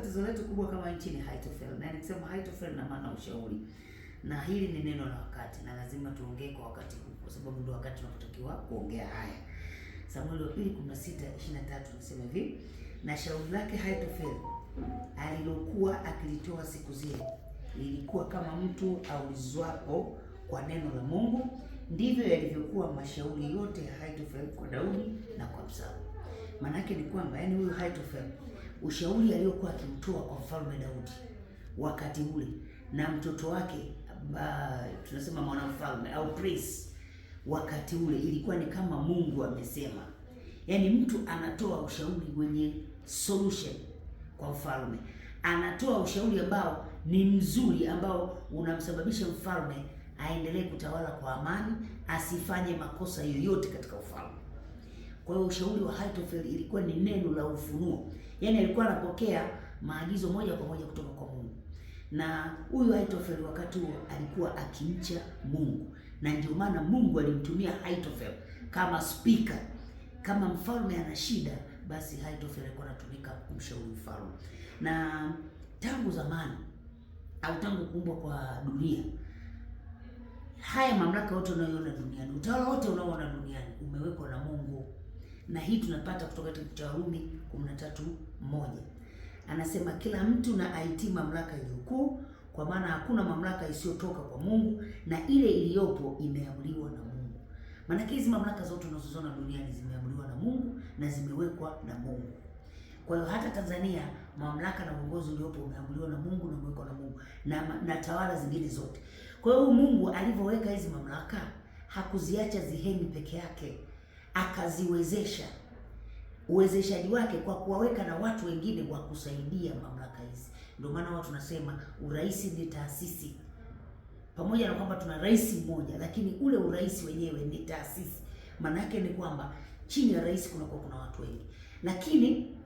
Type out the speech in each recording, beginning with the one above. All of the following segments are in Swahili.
tatizo letu kubwa kama nchi ni hightofel, na nikisema hightofel na maana ushauri, na hili ni neno la wakati, na lazima tuongee kwa wakati huu, kwa sababu ndio wakati tunapotakiwa kuongea haya. Samueli wa pili 16:23 nasema hivi, na shauri lake Ahithofeli alilokuwa akilitoa siku zile lilikuwa kama mtu aulizwapo kwa neno la Mungu, ndivyo yalivyokuwa mashauri yote ya Haitofel kwa Daudi na kwa Absalom. Maana yake ni kwamba, yani, huyu Haitofel ushauri aliyokuwa akiutoa kwa mfalme Daudi wakati ule na mtoto wake ba, tunasema mwanamfalme au prince wakati ule, ilikuwa ni kama Mungu amesema. Yaani mtu anatoa ushauri wenye solution kwa mfalme, anatoa ushauri ambao ni mzuri, ambao unamsababisha mfalme aendelee kutawala kwa amani, asifanye makosa yoyote katika ufalme. Kwa hiyo ushauri wa Ahithofeli ilikuwa ni neno la ufunuo, yaani alikuwa anapokea maagizo moja kwa moja kutoka kwa Mungu. Na huyu Ahithofeli wakati huo alikuwa akimcha Mungu, na ndio maana Mungu alimtumia Ahithofeli kama spika. Kama mfalme ana shida, basi Ahithofeli alikuwa anatumika kumshauri mfalme. Na tangu zamani au tangu kuumbwa kwa dunia haya mamlaka yote unayoona duniani, utawala wote unaoona duniani umewekwa na Mungu na hii tunapata kutoka kitabu cha Warumi 13:1. Anasema kila mtu na aitii mamlaka iliyokuu, kwa maana hakuna mamlaka isiyotoka kwa Mungu, na ile iliyopo imeamriwa na Mungu. Maana hizi mamlaka zote tunazoziona duniani zimeamriwa na Mungu na zimewekwa na Mungu. Kwa hiyo hata Tanzania mamlaka na uongozi uliopo umeamriwa na Mungu na umewekwa na Mungu na, na tawala zingine zote. Kwa hiyo Mungu alivyoweka hizi mamlaka hakuziacha zihemi peke yake, akaziwezesha uwezeshaji wake kwa kuwaweka na watu wengine wa kusaidia mamlaka hizi. Ndio maana watu tunasema urais ni taasisi, pamoja na kwamba tuna rais mmoja, lakini ule urais wenyewe ni taasisi. Maana yake ni kwamba chini ya rais kunakuwa kuna watu wengi, lakini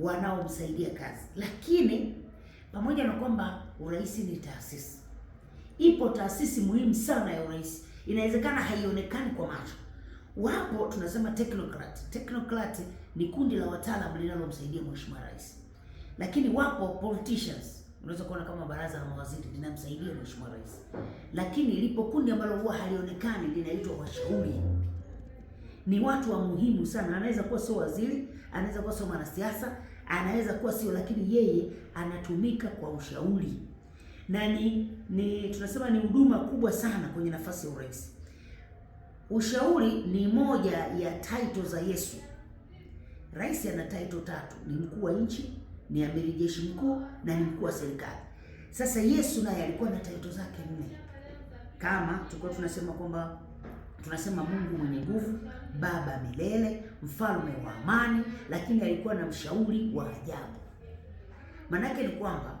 wanaomsaidia kazi. Lakini pamoja na kwamba urais ni taasisi, ipo taasisi muhimu sana ya urais, inawezekana haionekani kwa macho Wapo tunasema technocrat. Technocrat ni kundi la wataalamu linalomsaidia mheshimiwa rais, lakini wapo politicians, unaweza kuona kama baraza la mawaziri linamsaidia mheshimiwa rais, lakini lipo kundi ambalo huwa halionekani linaitwa washauri. Ni watu wa muhimu sana, anaweza kuwa sio waziri, anaweza kuwa sio mwanasiasa, anaweza kuwa sio, lakini yeye anatumika kwa ushauri na ni, ni tunasema ni huduma kubwa sana kwenye nafasi ya urais. Ushauri ni moja ya title za Yesu. Rais ana title tatu, ni mkuu wa nchi, ni amiri jeshi mkuu na ni mkuu wa serikali. Sasa Yesu naye alikuwa na title zake nne, kama tulikuwa tunasema kwamba tunasema Mungu mwenye nguvu, Baba milele, mfalme wa amani, lakini alikuwa na mshauri wa ajabu. Maanake ni kwamba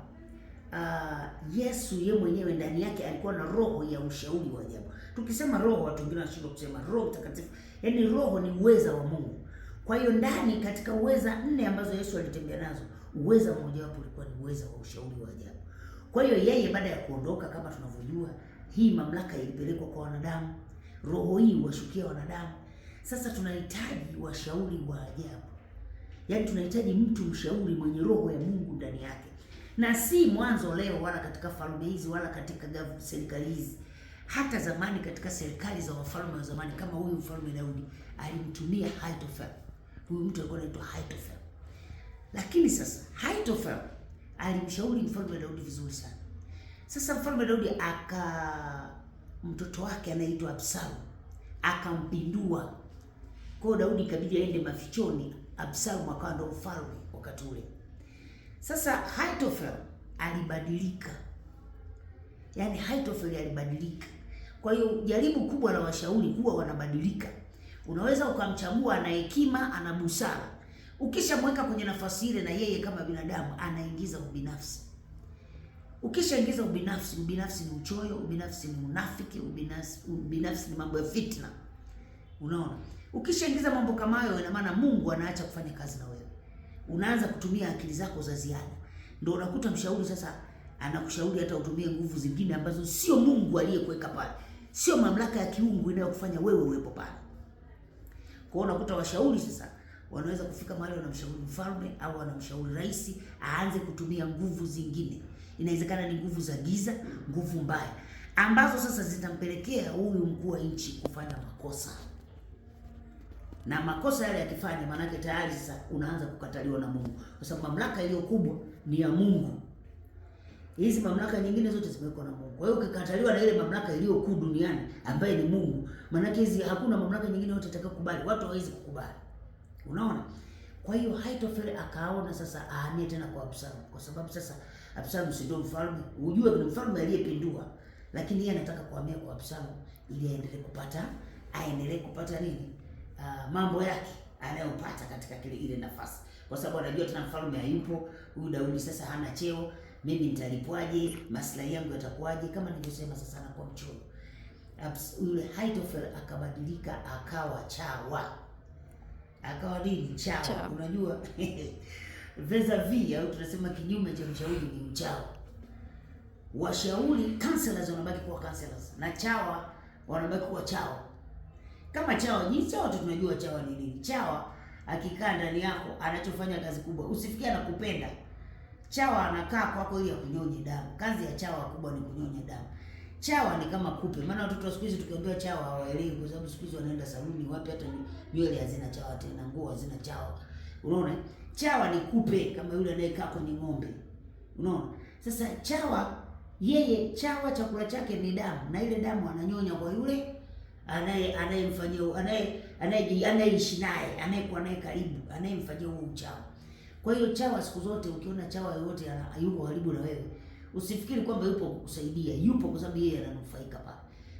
uh, Yesu ye mwenyewe ndani yake alikuwa na roho ya ushauri wa ajabu. Tukisema roho, watu wengine wanashindwa kusema Roho Mtakatifu, yaani roho ni uweza wa Mungu. Kwa hiyo ndani, katika uweza nne ambazo Yesu alitembea nazo, uweza wapo ulikuwa ni uweza wa ushauri wa ajabu. Kwa hiyo yeye baada ya kuondoka, kama tunavyojua, hii mamlaka ilipelekwa kwa wanadamu, roho hii washukia wanadamu. Sasa tunahitaji washauri wa ajabu, yaani tunahitaji mtu mshauri mwenye roho ya Mungu ndani yake na si mwanzo leo, wala katika falme hizi, wala katika serikali hizi. Hata zamani katika serikali za wafalme wa zamani, kama huyu mfalme Daudi alimtumia Ahithofeli, huyu mtu alikuwa anaitwa Ahithofeli. Lakini sasa Ahithofeli alimshauri mfalme Daudi vizuri sana. Sasa mfalme Daudi aka mtoto wake anaitwa Absalom akampindua. Kwa hiyo Daudi ikabidi aende mafichoni, Absalom akawa ndo mfalme wakati ule. Sasa Haitofel alibadilika, yaani Haitofel alibadilika. Kwa hiyo jaribu kubwa la washauri huwa wanabadilika. Unaweza ukamchagua ana hekima, ana busara, ukishamweka kwenye nafasi ile, na yeye kama binadamu anaingiza ubinafsi. Ukishaingiza ubinafsi, ubinafsi ni uchoyo, ubinafsi ni unafiki, ubinafsi, ubinafsi ni mambo ya fitna. Unaona, ukishaingiza mambo kama hayo, ina maana Mungu anaacha kufanya kazi na unaanza kutumia akili zako za ziada, ndio unakuta mshauri sasa anakushauri hata utumie nguvu zingine ambazo sio Mungu aliyekuweka pale, sio mamlaka ya kiungu inayokufanya wewe uwepo pale. Kwa hiyo unakuta washauri sasa wanaweza kufika mahali wanamshauri mfalme au wanamshauri rais aanze kutumia nguvu zingine. Inawezekana ni nguvu za giza, nguvu mbaya ambazo sasa zitampelekea huyu mkuu wa nchi kufanya makosa na makosa yale yakifanya, maanake tayari sasa unaanza kukataliwa na Mungu, kwa sababu mamlaka iliyo kubwa ni ya Mungu. Hizi mamlaka nyingine zote zimewekwa na Mungu. Kwa hiyo ukikataliwa na ile mamlaka iliyo kuu duniani ambaye ni Mungu, maanake hizi hakuna mamlaka nyingine yote itakayokubali, watu hawezi kukubali. Unaona? Kwa hiyo Ahithofeli akaona sasa ahamie tena kwa Absalom, kwa sababu sasa Absalom si ndio mfalme, ujue ni mfalme aliyepindua, lakini yeye anataka kuhamia kwa Absalom ili aendelee kupata aendelee kupata nini Uh, mambo yake anayopata katika kile ile nafasi, kwa sababu anajua tena mfalme hayupo, huyu Daudi sasa hana cheo, mimi nitalipwaje? Maslahi yangu yatakuwaje? Kama nilivyosema, sasa kwa mchoro Yule Haitofel akabadilika, akawa chawa, akawa nini? Chawa, chawa. Unajua veza vi au tunasema kinyume cha mshauri ni mchawa. Washauri counselors wanabaki kuwa counselors na chawa wanabaki kuwa chawa. Kama chawa, nyinyi chawa tu tunajua chawa ni nini. Chawa akikaa ndani yako anachofanya kazi kubwa, usifikie anakupenda. Chawa anakaa kwako ili akunyonye damu. Kazi ya chawa kubwa ni kunyonya damu. Chawa ni kama kupe, maana watoto wa siku hizi tukiambia chawa hawaelewi, kwa sababu siku hizi wanaenda saluni, wapi hata nywele hazina chawa tena, nguo hazina chawa. Unaona, chawa ni kupe, kama yule anayekaa kwenye ng'ombe. Unaona, sasa chawa yeye, chawa chakula chake ni damu, na ile damu ananyonya kwa yule anaye anayemfanyia anaye anaye anayeishi naye anayekuwa naye karibu anayemfanyia huo uchawi. Kwa hiyo chawa, siku zote ukiona chawa yoyote yuko karibu na wewe, usifikiri kwamba yupo kukusaidia, yupo kwa sababu yeye ananufaika pale.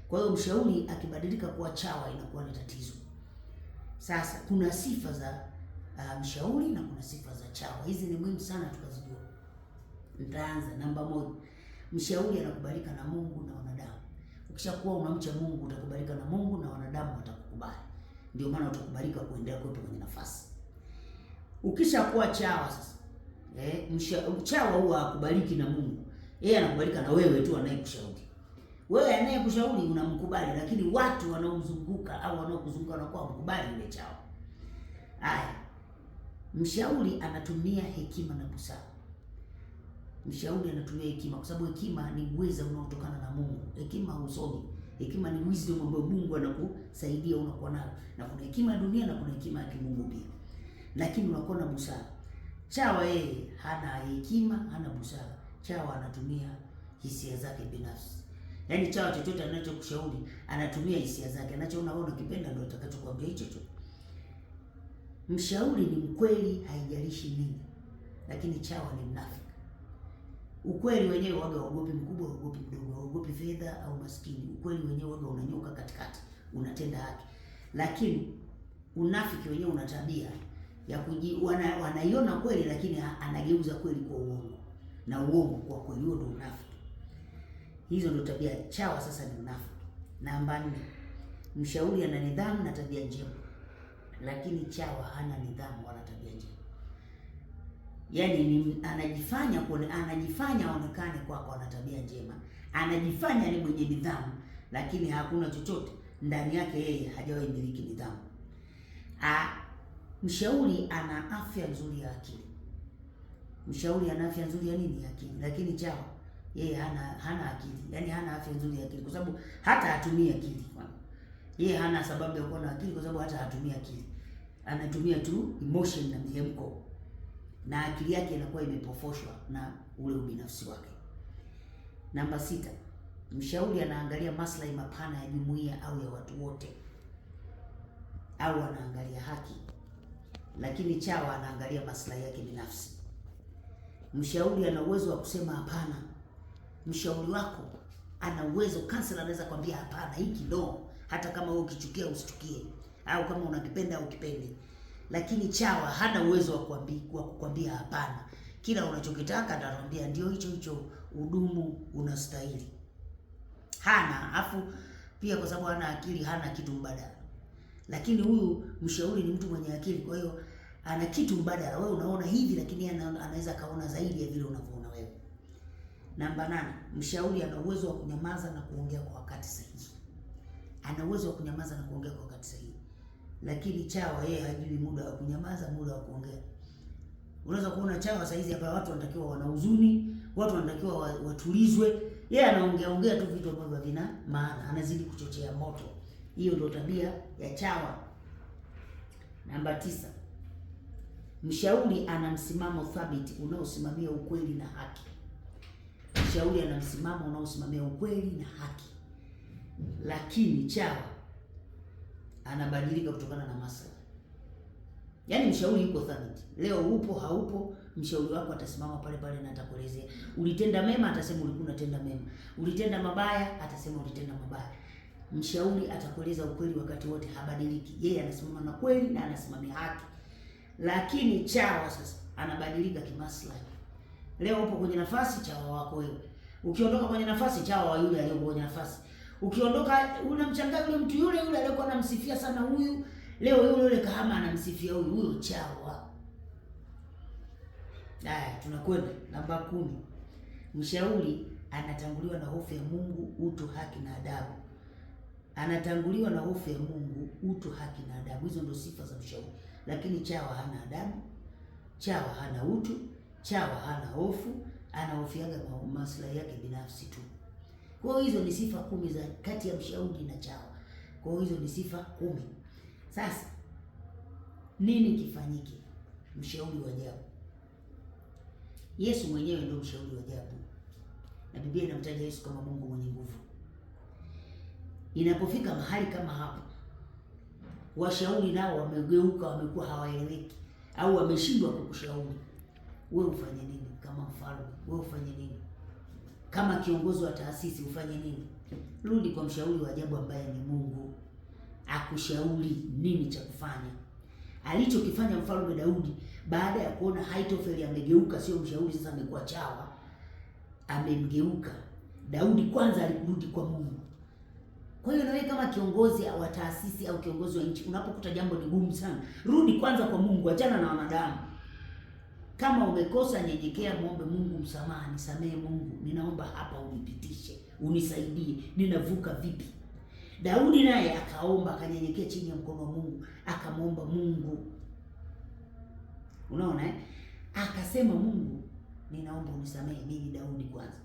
Kwa hiyo mshauri akibadilika kuwa chawa inakuwa ni tatizo. Sasa kuna sifa za uh, mshauri na kuna sifa za chawa. Hizi ni muhimu sana tukazijua. Nitaanza namba moja, mshauri anakubalika na Mungu na wanadamu. Ukishakuwa unamcha Mungu utakubalika na Mungu na wanadamu watakukubali. Ndio maana utakubalika kuendelea kuwepo kwenye nafasi. Ukishakuwa chawa sasa, eh, chawa huwa hakubaliki na Mungu. Yeye anakubalika na wewe tu anayekushauri. Wewe anayekushauri unamkubali, lakini watu wanaomzunguka au wanaokuzunguka wanakuwa wamkubali yule chawa. Haya, mshauri anatumia hekima na busara mshauri anatumia hekima, kwa sababu hekima ni uweza unaotokana na Mungu. Hekima usomi. hekima ni wisdom ambayo Mungu anakusaidia unakuwa nayo, na kuna hekima ya dunia na kuna hekima ya kimungu pia, lakini unakuwa na busara. Chawa yeye hana hekima, hana busara. Chawa anatumia hisia zake binafsi, yaani chawa chochote anachokushauri anatumia hisia zake, anachoona wewe unakipenda ndio atakachokuambia hicho chochote. Mshauri ni mkweli, haijalishi nini, lakini chawa ni mnafiki. Ukweli wenyewe waga hauogopi mkubwa, hauogopi mdogo, hauogopi fedha au maskini. Ukweli wenyewe waga unanyoka katikati, unatenda haki. Lakini unafiki wenyewe una tabia ya kuji, wana, wanaiona kweli lakini anageuza kweli kwa uongo na uongo kwa kweli. Huo ndio unafiki. Hizo ndio tabia chawa. Sasa ni unafiki. Namba nne, mshauri ana nidhamu na tabia njema, lakini chawa hana nidhamu wala tabia njema yani anajifanya anajifanya aonekane kwako ana tabia njema, anajifanya ni mwenye nidhamu, lakini hakuna chochote ndani yake, yeye hajawahi miliki nidhamu. A, mshauri ana afya nzuri ya akili, mshauri ana afya nzuri ya nini? Ya akili. Lakini chawa yeye hana hana akili, yani hana afya nzuri ya akili, kwa sababu hata hatumii akili. Yeye hana sababu ya kuwa na akili, kwa sababu hata hatumii akili, anatumia tu emotion na mihemko na akili yake inakuwa imepofoshwa na ule ubinafsi wake. Namba sita, mshauri anaangalia maslahi mapana ya jumuiya au ya watu wote, au anaangalia haki, lakini chawa anaangalia maslahi yake binafsi. Mshauri ana uwezo wa kusema hapana. Mshauri wako ana uwezo, kansela anaweza kwambia hapana, hiki no, hata kama wewe ukichukia usichukie, au kama unakipenda au ukipende lakini chawa hana uwezo wa kukwambia hapana. Kila unachokitaka atakwambia ndio hicho hicho, udumu unastahili. Hana afu pia, kwa sababu hana akili, hana kitu mbadala. Lakini huyu mshauri ni mtu mwenye akili, kwa hiyo ana kitu mbadala. Wewe unaona hivi, lakini anaweza kaona zaidi ya vile unavyoona wewe. Namba nane, mshauri ana uwezo wa kunyamaza na kuongea kwa wakati sahihi. Ana uwezo wa kunyamaza na kuongea kwa wakati sahihi lakini chawa yeye hajui muda wa kunyamaza, muda wa kuongea. Unaweza kuona chawa saizi hapa watu wanatakiwa wana huzuni, watu wanatakiwa watulizwe, yeye anaongea ongea tu vitu ambavyo havina maana, anazidi kuchochea moto. Hiyo ndio tabia ya chawa. Namba tisa, mshauri ana msimamo thabiti unaosimamia ukweli na haki. Mshauri ana msimamo unaosimamia ukweli na haki, lakini chawa anabadilika kutokana na maslahi. Yaani mshauri yuko thabiti, leo upo haupo, mshauri wako atasimama pale pale na atakuelezea ulitenda mema, atasema ulikuwa unatenda mema, ulitenda mabaya, atasema ulitenda mabaya. Mshauri atakueleza ukweli wakati wote, habadiliki. Yeye anasimama na kweli na anasimamia haki, lakini chawa sasa anabadilika kimaslahi. Leo upo kwenye nafasi, chawa wako wewe, ukiondoka kwenye nafasi, chawa wa yule aliyokuwa kwenye nafasi Ukiondoka unamchangaa yule mtu yule yule aliyokuwa anamsifia sana huyu, leo yule yule kahama anamsifia huyu, huyo chawa. Haya, tunakwenda namba kumi. Mshauri anatanguliwa na hofu ya Mungu, utu, haki na adabu. Anatanguliwa na hofu ya Mungu, utu, haki na adabu. Hizo ndio sifa za mshauri. Lakini chawa hana adabu, chawa hana utu, chawa hana hofu, anahofiaga maslahi yake binafsi tu. Kwa hiyo hizo ni sifa kumi za kati ya mshauri na chawa. Kwa hiyo hizo ni sifa kumi. Sasa nini kifanyike? Mshauri wa ajabu. Yesu mwenyewe ndio mshauri wa ajabu, na Biblia inamtaja Yesu kama Mungu mwenye nguvu. Inapofika mahali kama hapo, washauri nao wamegeuka, wamekuwa hawaeleweki, au wameshindwa kukushauri. Wewe ufanye nini kama mfalme? Wewe ufanye nini? kama kiongozi wa taasisi ufanye nini? Rudi kwa mshauri wa ajabu ambaye ni Mungu, akushauri nini cha kufanya. Alichokifanya mfalme Daudi baada ya kuona Haitofeli amegeuka, sio mshauri sasa, amekuwa chawa, amemgeuka Daudi. Kwanza alirudi kwa Mungu. Kwa hiyo, nawe kama kiongozi wa taasisi au kiongozi wa nchi, unapokuta jambo ni gumu sana, rudi kwanza kwa Mungu, achana na wanadamu. Kama umekosa, nyenyekea, muombe Mungu msamaha, nisamehe Mungu, ninaomba hapa unipitishe, unisaidie, ninavuka vipi? Daudi naye akaomba, akanyenyekea chini ya mkono wa Mungu, akamwomba Mungu. Unaona eh? Akasema, Mungu, ninaomba unisamehe mimi Daudi kwanza.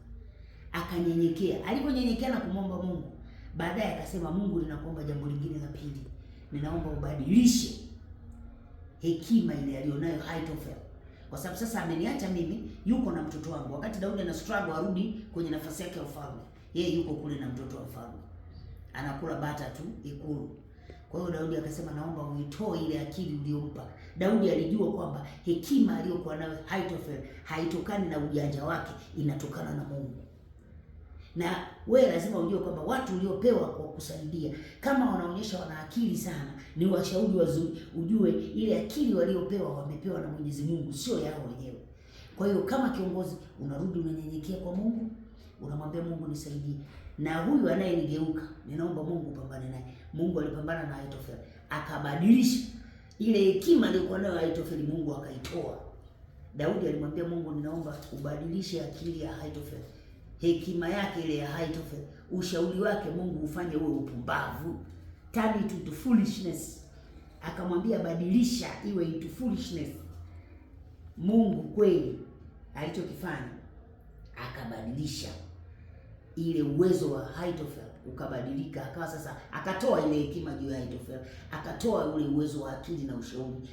Akanyenyekea, aliponyenyekea na kumwomba Mungu, baadaye akasema, Mungu, ninakuomba jambo lingine la pili, ninaomba ubadilishe hekima ile aliyonayo Ahithofeli kwa sababu sasa ameniacha mimi, yuko na mtoto wangu. Wakati Daudi ana struggle arudi kwenye nafasi yake ya ufalme, yeye yuko kule na mtoto wa mfalme, anakula bata tu ikulu. Kwa hiyo Daudi akasema, naomba uitoe ile akili uliyompa. Daudi alijua kwamba hekima aliyokuwa nayo haitofeli, haitokani na ujanja wake, inatokana na Mungu na wewe lazima ujue kwamba watu uliopewa kwa kusaidia, kama wanaonyesha wana akili sana, ni washauri wazuri, ujue ile akili waliopewa wamepewa na Mwenyezi Mungu, sio yao wenyewe. Kwa hiyo kama kiongozi unarudi unanyenyekea kwa Mungu, unamwambia Mungu nisaidie, na huyu anayenigeuka ninaomba Mungu upambane naye. Mungu alipambana na Ahithofeli akabadilisha ile hekima aliyokuwa nayo Ahithofeli, Mungu akaitoa. Daudi alimwambia Mungu, ninaomba ubadilishe akili ya Ahithofeli hekima yake ile ya high ushauri wake Mungu ufanye uwe upumbavu, turn it into foolishness. Akamwambia badilisha iwe into foolishness. Mungu kweli alichokifanya akabadilisha ile uwezo wa Ahithofeli ukabadilika, akawa sasa, akatoa ile hekima juu ya Ahithofeli, akatoa ule uwezo wa akili na ushauri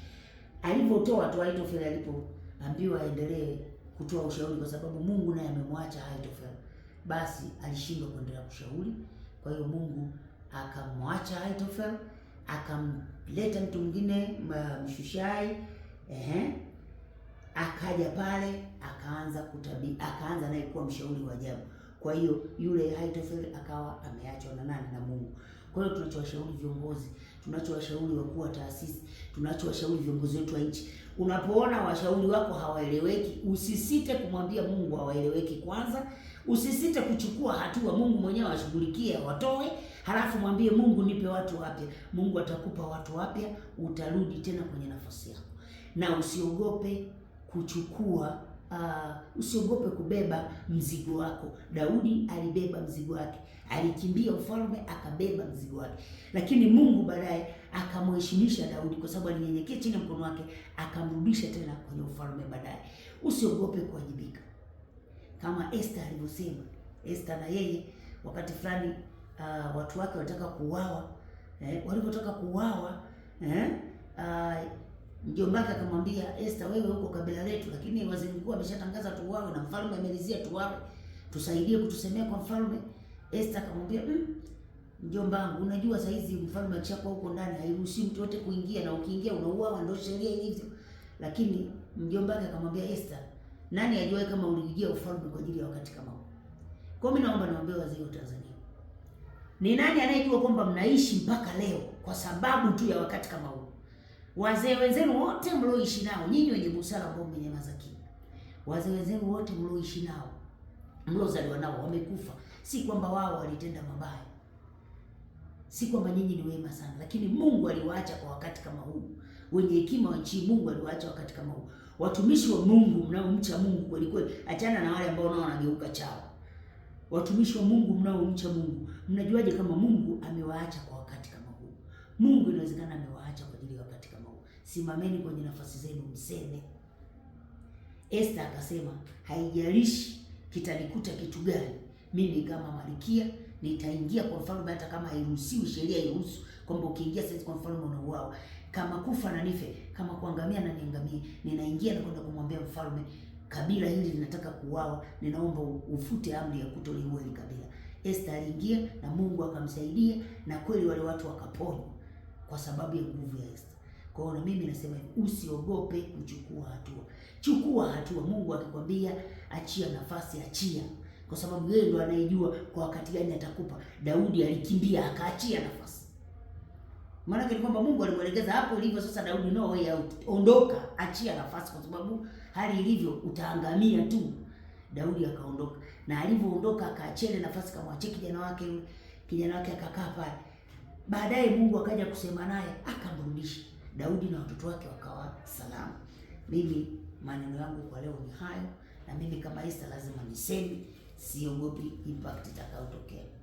alivyotoa tu. Ahithofeli alipoambiwa aendelee kutoa ushauri, kwa sababu Mungu naye amemwacha Ahithofeli, basi alishindwa kuendelea kushauri. Kwa hiyo Mungu akamwacha Ahithofeli, akamleta mtu mwingine Mshushai, ehe, akaja pale akaanza kutabiri, akaanza naye kuwa mshauri wa ajabu. Kwa hiyo yule Ahithofeli akawa ameachwa na nani? Na Mungu. Kwa hiyo tunachowashauri viongozi tunachowashauri wakuu wa taasisi, tunachowashauri viongozi wetu wa nchi. Unapoona washauri wako hawaeleweki, usisite kumwambia Mungu hawaeleweki kwanza. Usisite kuchukua hatua, Mungu mwenyewe ashughulikie, watoe, halafu mwambie Mungu, nipe watu wapya. Mungu atakupa watu wapya, utarudi tena kwenye nafasi yako, na usiogope kuchukua uh, usiogope kubeba mzigo wako. Daudi alibeba mzigo wake, alikimbia mfalme akabeba mzigo wake, lakini Mungu baadaye akamheshimisha Daudi kwa sababu alinyenyekea chini ya mkono wake, akamrudisha tena kwenye ufalme baadaye. Usiogope kuwajibika, kama Esther alivyosema. Esther na yeye wakati fulani uh, watu wake walitaka kuuawa eh, walipotaka kuuawa eh, uh, Mjomba wake akamwambia Esther, wewe huko kabila letu, lakini waziri mkuu ameshatangaza tuwawe na mfalme amelizia tuwawe, tusaidie kutusemea kwa mfalme. Esther akamwambia mm, mjomba wangu, unajua saa hizi mfalme akishakuwa huko ndani hairuhusi mtu yote kuingia, na ukiingia unauawa, ndio sheria ilivyo. Lakini mjomba wake akamwambia Esther, nani ajua kama ulijia ufalme kwa ajili ya wakati kama huu? Kwa mimi naomba niombe wazee wa Tanzania, ni nani anayejua kwamba mnaishi mpaka leo kwa sababu tu ya wakati kama huu? wazee wenzenu wote mlioishi nao, nyinyi wenye busara ambao mmenyamaza kimya, wazee wenzenu wote mlioishi nao, mliozaliwa nao wamekufa. Si kwamba wao walitenda mabaya, si kwamba nyinyi ni wema sana, lakini Mungu aliwaacha kwa wakati kama huu. Wenye hekima wa nchi Mungu aliwaacha wakati kama huu. Watumishi wa Mungu mnaomcha Mungu kweli kweli, achana na wale ambao nao wanageuka chao. Watumishi wa Mungu mnaomcha Mungu, mnajuaje kama Mungu amewaacha kwa wakati kama huu? Mungu inawezekana amewaacha simameni kwenye nafasi zenu, mseme. Esta akasema haijalishi kitanikuta kitu gani, mimi kama malkia nitaingia kwa mfalme, hata kama hairuhusiwi, sheria iruhusu kwamba ukiingia sasa kwa mfalme unauawa. Kama kufa na nife, kama kuangamia na niangamie, ninaingia na kwenda kumwambia mfalme, kabila hili linataka kuuawa, ninaomba ufute amri ya kutoliua hili kabila. Esta aliingia na Mungu akamsaidia, na kweli wale watu wakaponywa kwa sababu ya nguvu ya Esta. Kwa hiyo mimi nasema hivi, usiogope kuchukua hatua. Chukua hatua. Mungu akikwambia achia nafasi, achia, kwa sababu yeye ndo anayejua kwa wakati gani atakupa. Daudi alikimbia akaachia nafasi, maana ni kwamba Mungu alimwelekeza hapo ilivyo sasa. Daudi, no way out, ondoka, achia nafasi, kwa sababu hali ilivyo utaangamia tu. Daudi akaondoka, na alivyoondoka akaachia ile nafasi, kamwachia kijana wake. Kijana wake akakaa pale, baadaye Mungu akaja kusema naye akamrudisha Daudi na watoto wake wakawa salama. Mimi maneno yangu kwa leo ni hayo, na mimi kama Esther lazima niseme, siogopi impact itakayotokea.